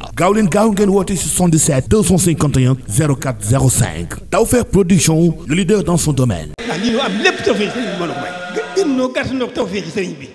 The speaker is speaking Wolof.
Sénégal gaaw leen gaaw ngeen woote 77 251 04 05 Tawfekh Production le leader dans son domaine. am lépp tawfeex ci a may. bi.